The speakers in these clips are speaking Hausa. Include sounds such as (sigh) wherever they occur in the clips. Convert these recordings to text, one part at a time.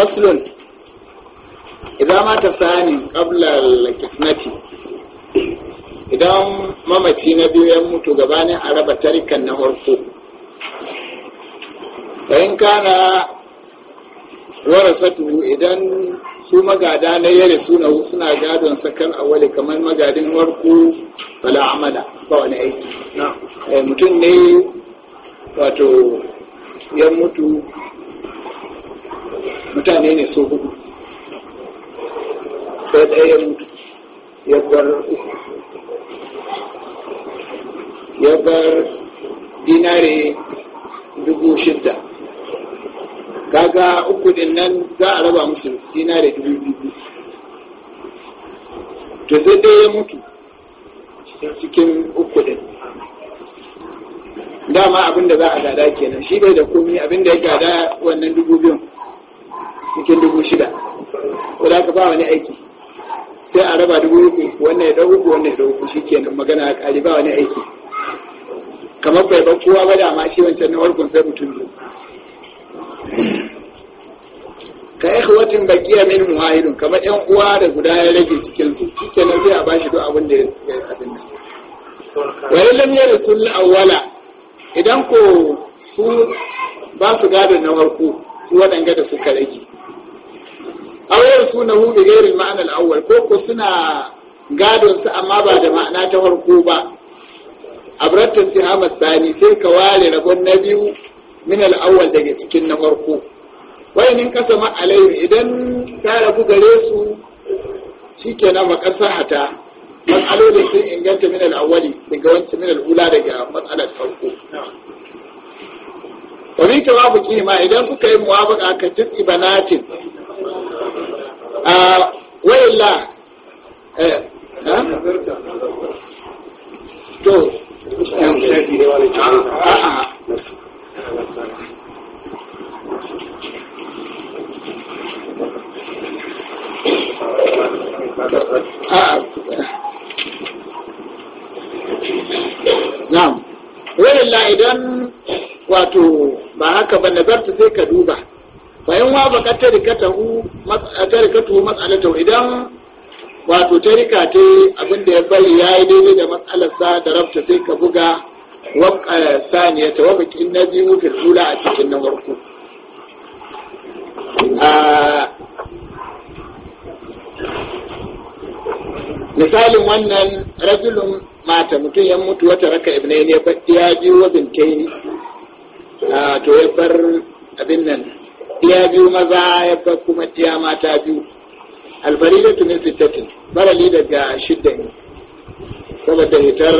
faslun idan mata sani kabla kisnati idan mamaci na biyu ya mutu gabanin a raba tarikan na harko bayan kana warasatu idan su magada na yare suna suna gadon sakar wale kamar magadin warko fala amala ba wani aiki eh, mutum ne wato ya mutu mutane ne so hudu sai ɗaya ya mutu ya bar uku ya bar dinare dubu shidda kaga uku din nan za a raba musu dinare dubu biyu to sai ɗaya ya mutu cikin uku din dama abinda za a gada kenan shi bai da komi abinda ya gada wannan dubu biyun cikin dubu shida wadda aka ba wani aiki sai a raba dubu uku wannan ya dauku uku wannan ya dau shi shikenan magana a kare ba wani aiki kamar bai ba kowa ba da shi wancan na warkon sai mutum biyu ka yi baki baqiya min muwahidun kamar yan uwa da guda ya rage shi ke nan zai a bashi duk abin da ya abin nan wa lam yarsul awwala idan ko su ba su gado na farko su waɗanga da suka rage aw su bi ghairi al-ma'na al-awwal ko ko suna gadon su amma ba da ma'ana ta farko ba abratta sihama tsani sai ka ware rabon na biyu min al daga cikin na farko nin kasa alayhi idan ta rabu gare su shikenan makar hata matsalolin sun inganta min al-awwali daga wancan min al daga matsalar farko wani bi tawafuqi ma idan suka yi muwafaka ka tis'i banatin a wayilla eh, to eh, Na'am, la idan wato ba haka ba nazarta sai ka duba, bayan wa baka tarikatahu A tarikatu mas'alata idan wato tarika ta yi abinda ya bari ya yi daidai da matsalarsa da rabta sai ka buga wakka saniya ta na biyu firfula a cikin na farko misalin wannan rajulun mata mutum ya mutu wata raka ibnai ne ya biyu wa bintaini to ya bar abin nan ɗiya biyu maza ya fa kuma ɗiya mata biyu alfarida tuni sittatin farali daga shidda ne saboda hitar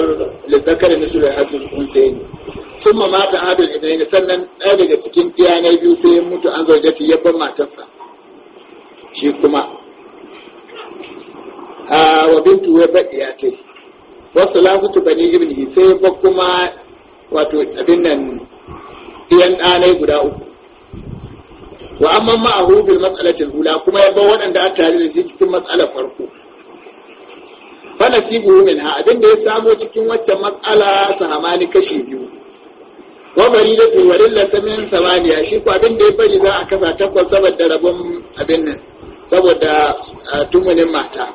lizzakar nisu da kun sai ne sun ma mata adul ne sannan ɗaya daga cikin ɗiya na biyu sai ya mutu an zaujati ta yabban matarsa shi kuma a wa bintu ya bar ya ce. wasu lasu tubani ibni sai ya bar kuma wato abin nan ɗiyan ɗanai guda uku wa amma a hudu matsalar ula kuma ya ba waɗanda aka tare da shi cikin matsalar farko falasibu minha abin da ya samo cikin waccan matsala sahamani kashi biyu wa faridatu wa lillata min samaniya shi ko abinda da ya bari za a kasa takwas saboda rabon abin nan saboda tumunin mata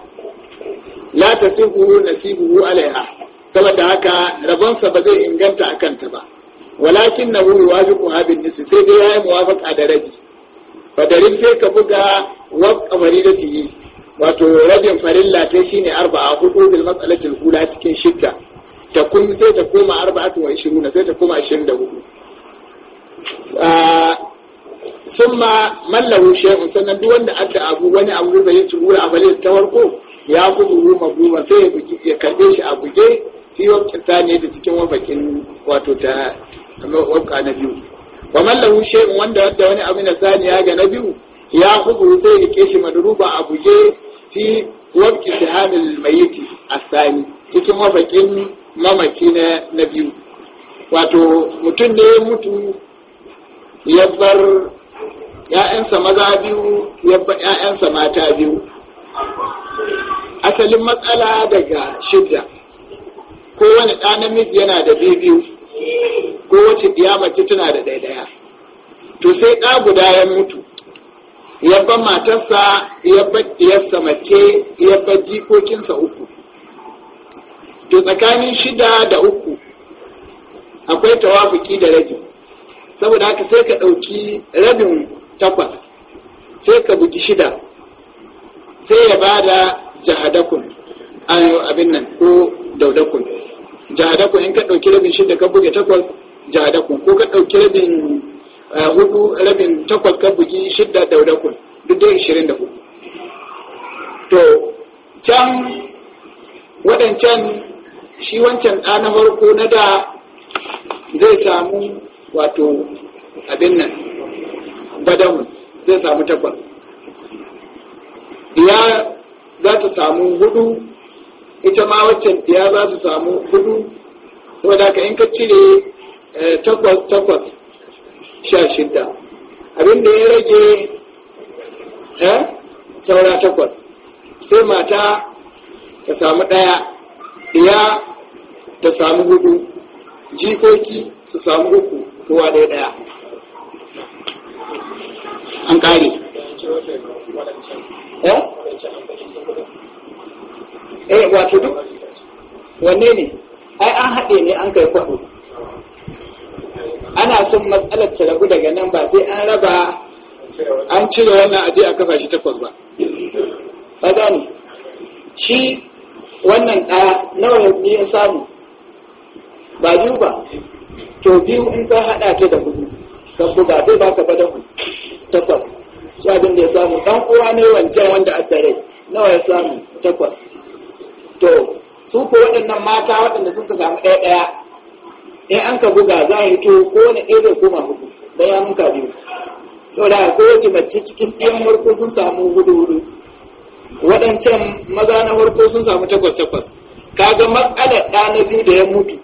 la tasihu nasibuhu alaiha saboda haka rabonsa ba zai inganta a kanta ba walakin na wuri wajibu habin nisfi sai dai ya yi muwafaka da rabi fadarib sai ka buga ta yi. wato rabin farilla ta shine arba'a hudu bil matsalatul ula cikin shidda ta kun sai ta koma arba'atu wa ishiruna sai ta koma ashirin da hudu summa mallahu shay'un sannan duk wanda adda abu wani abu bai ya turura a balil ta farko ya kudu goma sai ya karbe shi a buge fi wakil ne da cikin wafakin wato ta wakka na biyu wa mallahu shay'un wanda wadda wani abu na saniya ga na ya hubu sai rike shi madruba a buge fi wabki sihamil mayiti asani cikin mafakin mamaci na wato mutum ne mutu ya bar ‘ya'yansa maza biyu ya bar ‘ya'yansa mata biyu asalin matsala daga shidda kowane ɗa namiji yana da biyu ko wace ɗiya mace tana da ɗaiɗaya to sai ɗa guda ya mutu yabba matarsa yabba ɗiyarsa mace yabba jikokinsa uku to tsakanin shida da uku akwai tawafuki da rabi saboda haka sai ka ɗauki rabin takwas sai ka bugi shida sai ya ba da jahadakun abin nan ko daudakun jahadakun in ka ɗauki rabin shida ka buge takwas jadakun ko ka ɗauki rabin eh, hudu rabin takwas ka bugi shidda daudakun duk dai ishirin da hudu to can waɗancan shi wancan ɗa na farko na da zai samu wato abin nan badahun zai samu takwas ya za ta samu hudu ita ma waccan ɗiya za su samu hudu saboda ka in ka cire Eh, takwas takwas sha shidda abinda ya rage saura takwas sai mata ta samu ɗaya ya ta samu hudu jikoki su samu uku kowa ɗaya ɗaya an eh wato duk wanne ne ai an haɗe ne an kai kwaɗo ana son matsalar ta rabu daga nan ba sai an raba an cire wannan aje a kasa shi takwas ba Ba za ne shi wannan ɗaya nawa ne ya samu ba biyu ba to biyu in ka haɗa ta da hudu ka buga zai baka bada takwas shi abin da ya samu ɗan uwa ne wancan wanda a dare nawa ya samu takwas to su ko waɗannan mata waɗanda suka samu ɗaya ɗaya in an ka buga za a yi to ko wani ɗaya zai koma hudu da ya muka biyu saboda wace mace cikin ɗayan farko sun samu hudu hudu waɗancan maza na farko sun samu takwas takwas kaga matsalar ɗa na biyu da ya mutu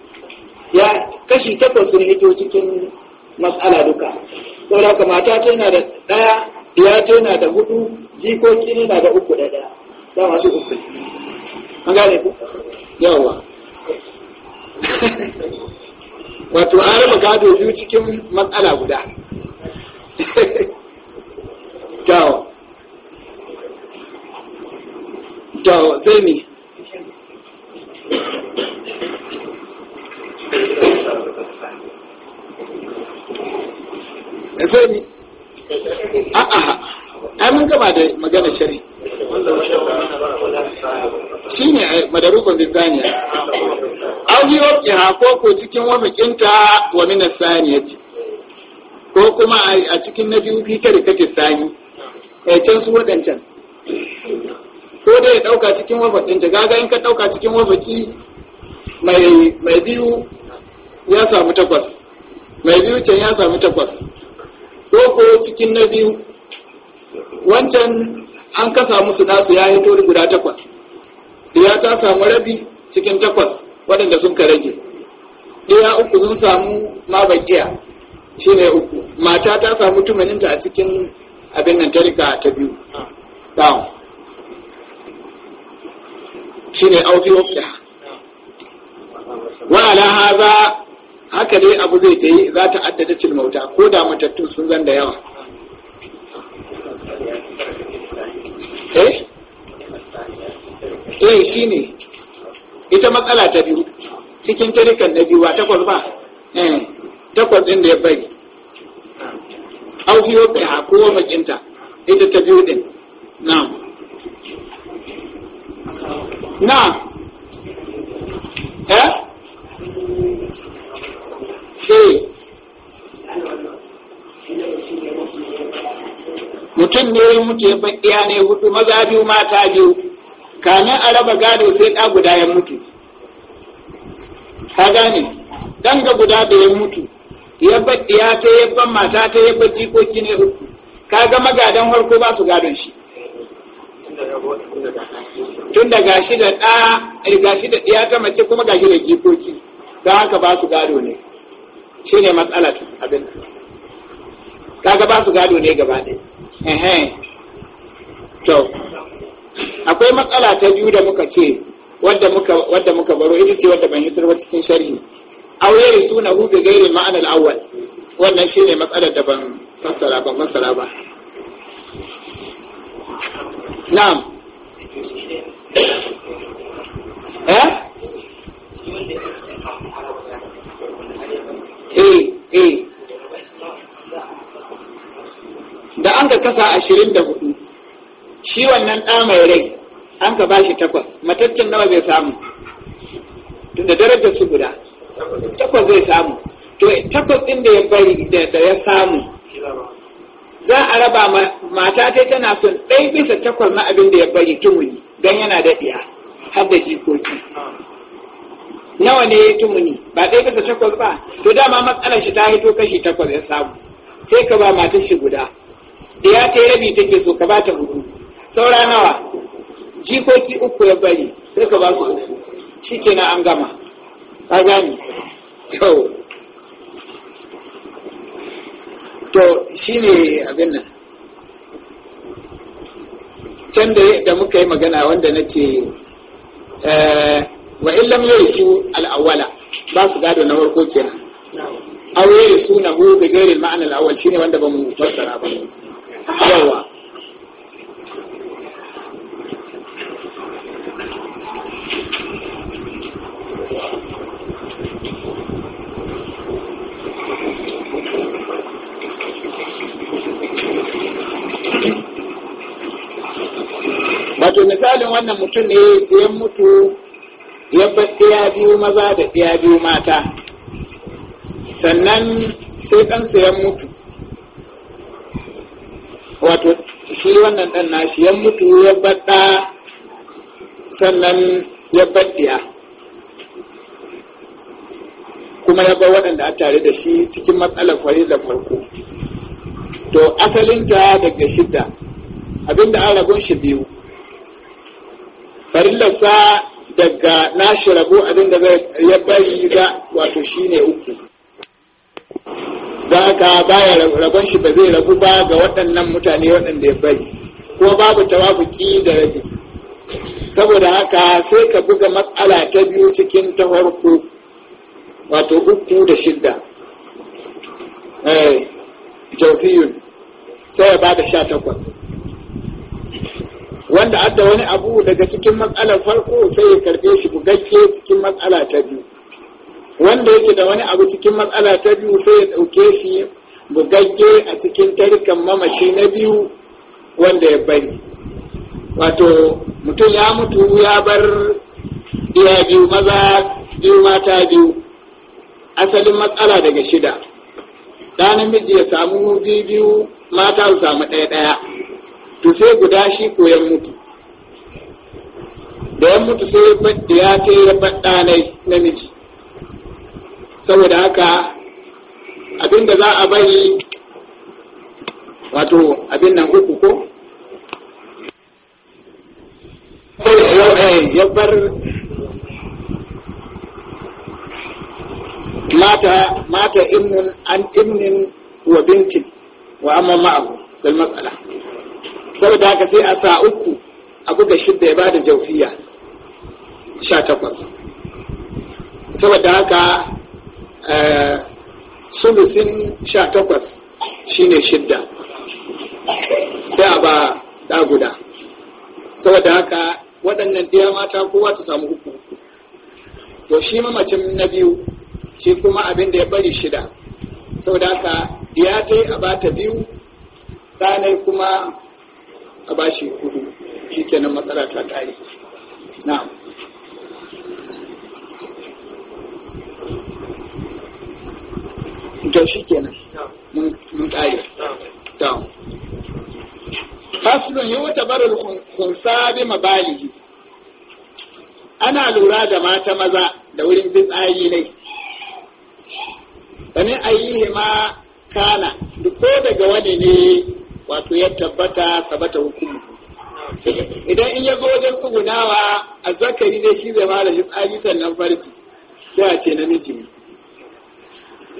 ya kashi takwas sun hito cikin matsala duka saboda ka mata ta yana da ɗaya ɗaya ta yana da hudu jikoki ne na da uku da ɗaya dama masu uku an gane ku yawa wato an raba gado biyu cikin matsala guda to to sai ni sai ni cikin bikinta wa min asaniyati ko kuma a cikin na biyu fi kada kake sani eh can su wadancan ko dai ya dauka cikin wafaƙinta gaga in ka dauka cikin wafaƙi mai mai biyu ya samu takwas mai biyu can ya samu takwas ko ko cikin na biyu wancan an kasa musu nasu ya hito guda takwas ya ta samu rabi cikin takwas waɗanda sun ka rage ɗaya uku sun samu ma bakiya shine uku mata ta samu tumaninta a cikin abin nan tarika ta biyu down shine auki wakta wa ala haza haka dai abu zai ta yi za ta addada tilmauta ko da matattun sun zan da yawa eh eh shine ita matsala ta biyu cikin kirikan na biyu ba takwas ba eh, takwas ɗin da ya bari auhiyo bai ha wa makinta ita ta biyu din na na eh? eh. mutum ne ya mutu ya baɗiya ne hudu maza biyu mata biyu kamin a raba gado sai ɗa guda ya mutu ka gane dan ga guda da ya mutu ya ya ta ya ban mata ta ya bad jikoki ne uku ka ga magadan farko ba su gadon shi tun da gashi da ɗa eh, gashi da ɗiya ta mace kuma gashi da jikoki don haka ba su gado ne shi ne matsalar abin ga ba su gado ne gaba ɗaya to akwai matsala ta biyu da muka ce wadda muka baro ita ce wadda ban hitar ba cikin sharhi aure suna hu gairin ma'anar ma'ana Wannan shi ne matsalar da ban fassara ban fassara ba na'am eh? Eh, eh. da an ga kasa ashirin da hudu shi wannan ɗa mai rai an ka bashi takwas mataccen nawa zai samu tunda darajar su guda takwas zai samu to takwas ɗin da ya bari da ya samu za a raba mata ta tana son ɗaya bisa takwas na abin da ya bari tumuni don yana da ɗiya har da jikoki nawa ne ya yi tumuni ba ɗaya bisa takwas ba to dama matsalar shi ta hito kashi takwas ya samu sai ka ba matar shi guda ɗiya ta yi rabi take so ka ba ta hudu saura nawa jikoki uku ya bari sai ka ba su uku shi kenan an gama ka gani to to shi ne abin nan can da muka yi magana wanda na ce eh, wa illam ya shi al'awwala ba su gado na farko kenan aure da suna hu bi ma'anar awal shine wanda ba mu fassara ba yawa wannan mutum ne ya mutu ya ɗaya biyu maza da ɗaya biyu mata sannan sai ɗansa ya mutu wato shi wannan ɗan nashi ya mutu ya baɗa sannan ya baɗiya kuma ya bar waɗanda a tare da shi cikin matsalar kwari da farko to asalinta daga shidda abinda an rabon shi biyu farillarsa daga nashi rabo abinda ya bari ga wato shi ne uku ba ka baya rabon shi ba zai rabu ba ga waɗannan mutane waɗanda ya bari kuma babu tawafuki da rabi saboda haka sai ka buga matsala ta biyu cikin ta farko wato uku da shidda eh, jauhiyun sai ya ba da sha takwas wanda adda wani abu daga cikin matsalar farko sai ya karɓe shi bugagge cikin matsala ta biyu wanda yake da wani abu cikin matsala ta biyu sai ya ɗauke shi bugagge a cikin tarikan mamaci na biyu wanda ya bari wato mutum ya mutu ya bar iya biyu maza biyu mata biyu asalin matsala daga shida ɗa namiji ya samu biyu biyu mata su samu ɗaya ɗaya to sai guda shi koyan mutu da ya mutu sai da ya ta ya faɗa nai namiji saboda haka abin da za a bari wato abin nan uku ko eh, ya bar mata mata an imnin wa bintin wa amma ma'ahu dal matsala saboda haka sai a sa uku a buga shidda ya ba da jaufiya sha takwas saboda haka eh, sulusin sha takwas shi ne shidda sai a ba da guda saboda haka waɗannan ɗaya mata kowa ta samu uku to shi mamacin na biyu shi kuma abin da ya bari shida saboda haka ɗaya ta yi a ba ta biyu ɗanai kuma a bashi hudu shikenan matsala ta kare na'am to shikenan mun kare down yi yutabaru al-khunsa bi mabalihi ana lura da mata maza da wurin fitsari ne bane ayyuhi ma kana duk ko daga wani ne wato ya tabbata sabata hukumu idan in ya zo wajen tsugunawa a zakari ne shi zai mara shi tsari sannan farji sai a ce namiji ne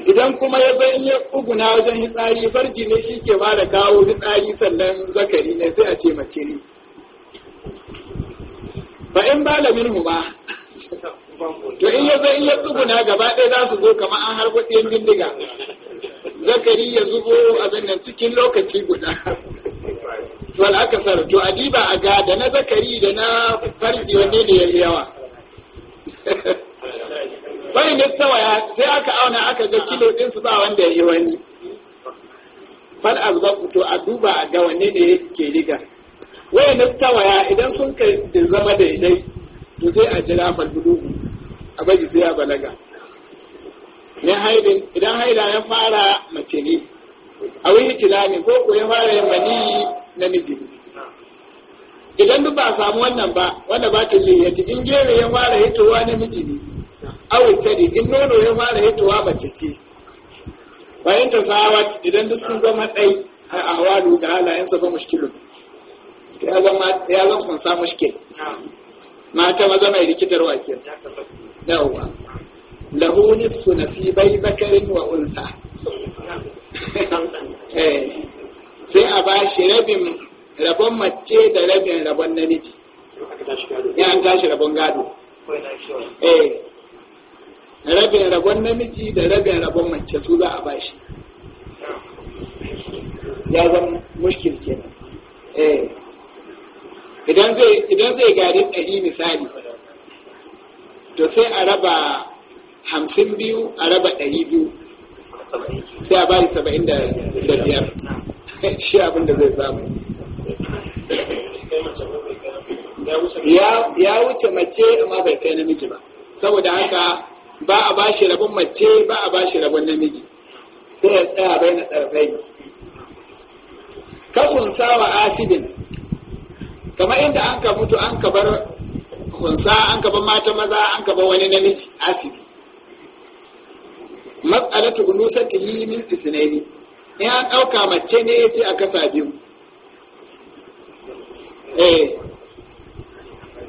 idan kuma ya zo in ya tsuguna wajen hitsari farji ne shi ke mara kawo hitsari sannan zakari ne sai a ce mace ne ba in ba da minhu ba to in ya zo in ya tsuguna gaba ɗaya za su zo kamar an harbo ɗayan bindiga zakari ya zubo abin nan cikin lokaci guda aka akasar to adiba a ga da na zakari da na farji wanne ne ya yawa bayan (laughs) da tawaya sai aka auna aka ga kilo din su ba wanda ya yi wani fal azbab to a duba a ga wanne ne ke riga wayan da tawaya idan sun kai da zama daidai to sai a jira fal bulugu a bari sai a balaga idan haida ya fara mace ne a wihi kilani ko ko ya fara yin mani na miji ne idan duk ba samu wannan ba wanda ba ta liyati in gere ya fara hitowa na miji ne awi sadi in nono ya fara hitowa mace ce bayan ta sawat idan duk sun zama ɗai a ahwalu ga halayensa ba mushkilun ya zama ya zama kunsa mushkil mata maza mai rikitarwa ke yawwa lahu nisfu nasibai zakarin wa sai a ba shi rabin rabon mace da rabin rabon namiji ya an tashi rabon gado rabin rabon namiji da rabin rabon mace su za a ba shi ya zan mushkil kenan idan zai gari ɗari misali to sai a raba hamsin biyu a raba ɗari biyu sai a bari saba'in da biyar shi abin da zai samu ya wuce mace amma bai kai namiji ba saboda haka ba a ba shi rabin mace ba a ba shi rabin namiji sai ya tsaya bai na ɗarfai kafin sawa asibin kamar inda an ka mutu an ka bar hunsa an ka bar mata maza an ka bar wani namiji asibi mas'alatu yi min isnaini in an ɗauka mace ne sai a kasa biyu eh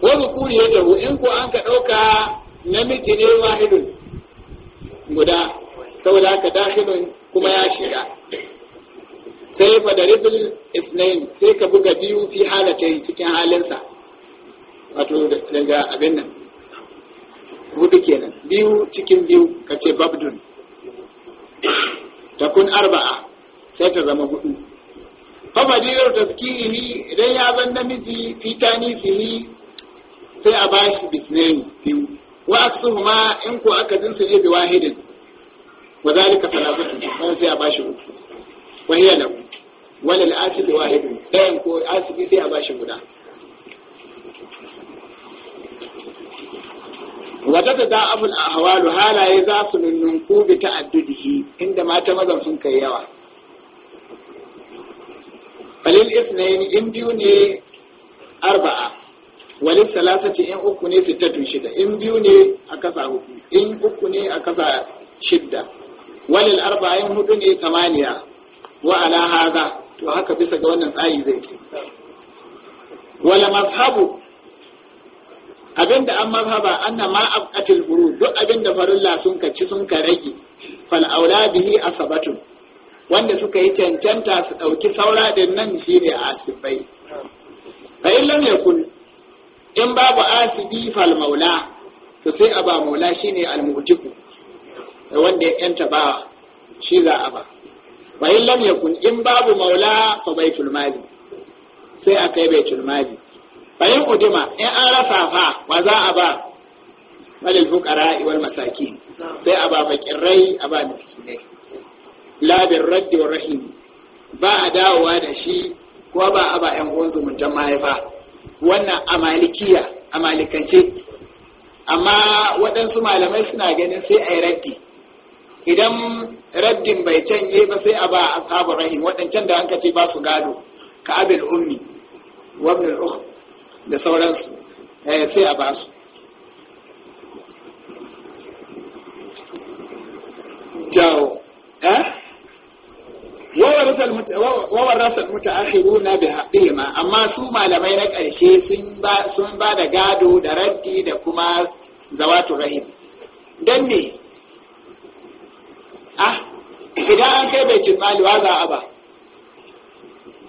wa zukuri yadahu in ko an ka ɗauka namiji ne wahidun asibi wahidu ɗayan ko asibi sai a bashi guda wata ta da'aful ahwalu halaye za su nunnunku bi ta'addudihi inda mata mazan sun kai yawa falil isnaini in biyu ne arba'a walis salasati in uku ne sittatun shida in biyu ne a kasa hudu in uku ne a kasa shidda walil arba'in hudu ne tamaniya wa ala haza to haka bisa ga wannan tsari zai ke wala mazhabu abinda an mazhaba anna ma abqatil buru duk abinda farilla sun ka ci sun ka rage fal auladihi asabatun wanda suka yi cancanta su dauki saura din nan shine asibai fa illam yakun in babu asibi fal maula to sai a ba maula shine al wanda ya yanta ba shi za a ba fa lam yakun in babu maula fa baitul mali sai a kai baitul mali fa in udima in an rasa fa wa za a ba malil fuqara wal masaki sai a ba maƙirrai a ba miskinai labin raddi wa rahimi ba a dawowa da shi ko ba a ba yan uwan zumuntan mahaifa wannan a malikiya a malikance amma waɗansu malamai suna ganin sai a yi raddi idan raddin bai canje ba sai a ba ashabu rahim waɗancan da anka ce ba su gado ka abin ummi wa ibn da sauransu eh, sai a ba su jawo eh wawar rasar ahiru na bihima amma su malamai na ƙarshe sun ba da gado da raddi da kuma zawatu rahim don ne wai bai cimali wa za a ba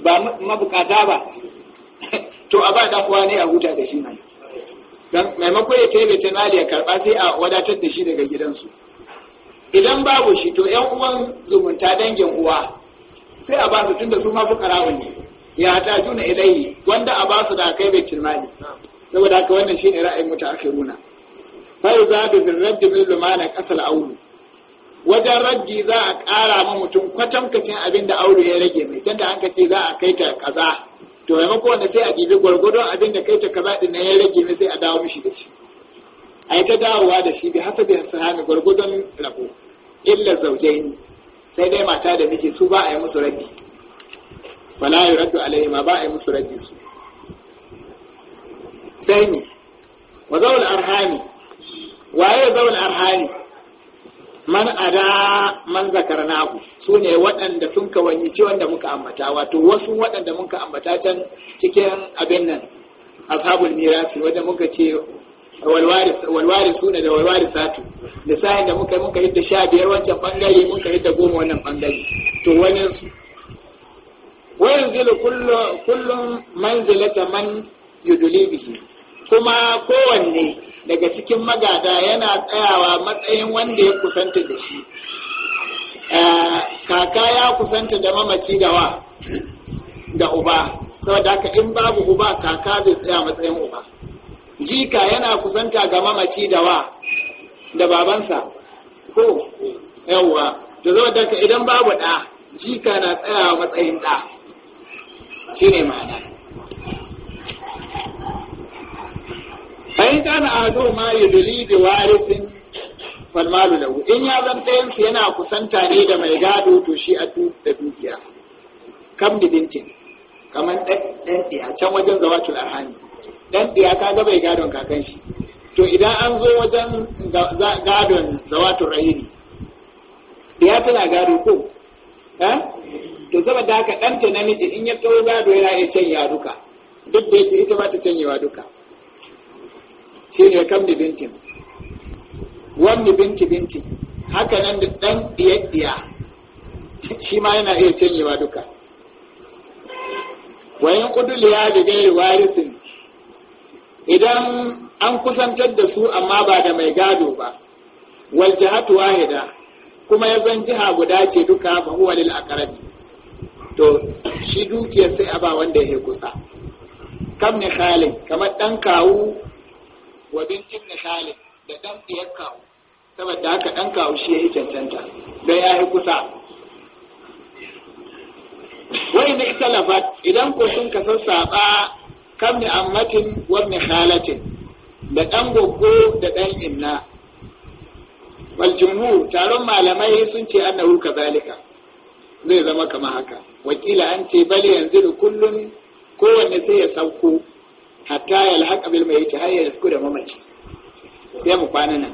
ba mabukata ba (laughs) to a ba ɗan uwa ne a huta da shi nan maimakon ya tebe ta ya karɓa sai a wadatar da shi daga gidansu idan babu shi to yan uwan zumunta dangin uwa sai a ba su tun da su ma fukara ne ya ta juna ilaihi wanda a ba su da kai bai mali saboda haka wannan shi ne ra'ayin mutu akhiruna fa yuzabi bil radd min lumana qasal aulu wajen raddi za a ƙara ma mutum kwatankwacin abin da aure ya rage mai can da an ce za a kai ta kaza to maimako wanda sai a ɗibi gwargwadon abin da kai ta kaza ɗin ya rage mai sai a dawo mishi da shi a yi ta dawowa da shi bi hasabi hami gwargwadon rabo illa zaujaini sai dai mata da miji su ba a yi musu rabbi. wala yuraddu alaihima ba a yi musu rabbi su sai ni wa zaul arhani waye zaul arhani man ada man zakarnahu su ne waɗanda sun kawanyici wanda muka ambata wato wasu waɗanda muka ambata can cikin abin nan ashabul mirasi wanda muka ce walwari sune da walwari satu lissafin da muka muka hidda sha biyar wancan bangare muka hidda goma wannan bangare to wani su wayanzilu kullum manzilata man yuduli kuma kowanne daga cikin magada yana tsayawa matsayin wanda ya kusanta da shi eh, kaka ya kusanta da mamaci da wa da uba saboda haka in babu uba kaka zai tsaya matsayin uba jika yana kusanta ga mamaci da wa da babansa ko yawwa to saboda haka idan babu ɗa jika na tsayawa matsayin ɗa shi ne ma'ana in kana Ado ma yudli bi warisin Falmalu malu lahu in ya zan ɗayansu yana kusanta ne da mai gado to shi a da dukiya kam Bintin kamar ɗan ɗiya can wajen zawatul arhami ɗan ɗiya ka ga bai gadon kakan shi to idan an zo wajen gadon zawatul rahimi ɗiya tana gado ko to saboda haka ɗanta namiji in ya taho gado yana iya canyawa duka duk da yake ita ba ta canyewa duka shi ne kam da bintin wanda binti binti haka nan da ɗan ɗiyaɗɗiya shi ma yana iya canyewa duka wayan ƙuduliya da gairi warisin idan an kusantar da su amma ba da mai gado ba wal jihatu wahida kuma ya zan jiha guda ce duka ba huwa lil aqrabi to shi dukiya sai a ba wanda ya kusa kam ne khalin kamar dan kawu wa bintin na shalin da ɗan ɗiyar kawo saboda haka ɗan kawo shi ya yi cancanta don ya yi kusa wai na italafat idan ko sun ka sassaɓa kan mi ammatin wa mi da ɗan goggo da ɗan inna wal jumhur taron malamai sun ce annahu kazalika zai zama kama haka wakila an ce bali yanzu da kullun kowanne sai ya sauko hatta ya lahaka bil mai har ya su da mamaci sai mu kwana nan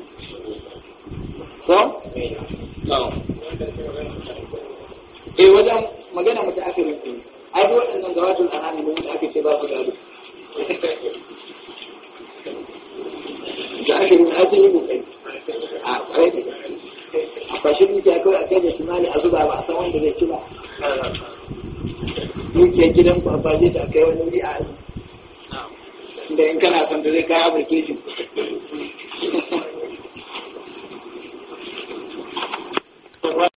ko to eh wajen magana ta aka rufe ai duk waɗannan zawatul anami ne mutu aka ce ba su gado da aka rufe asali kai a kwarai da a kwashe ta kai a kai da kimani a zuba ba a san wanda zai ci ba ke gidan ku a baje ta kai wani wuri a aji da in kana son ta zai kai application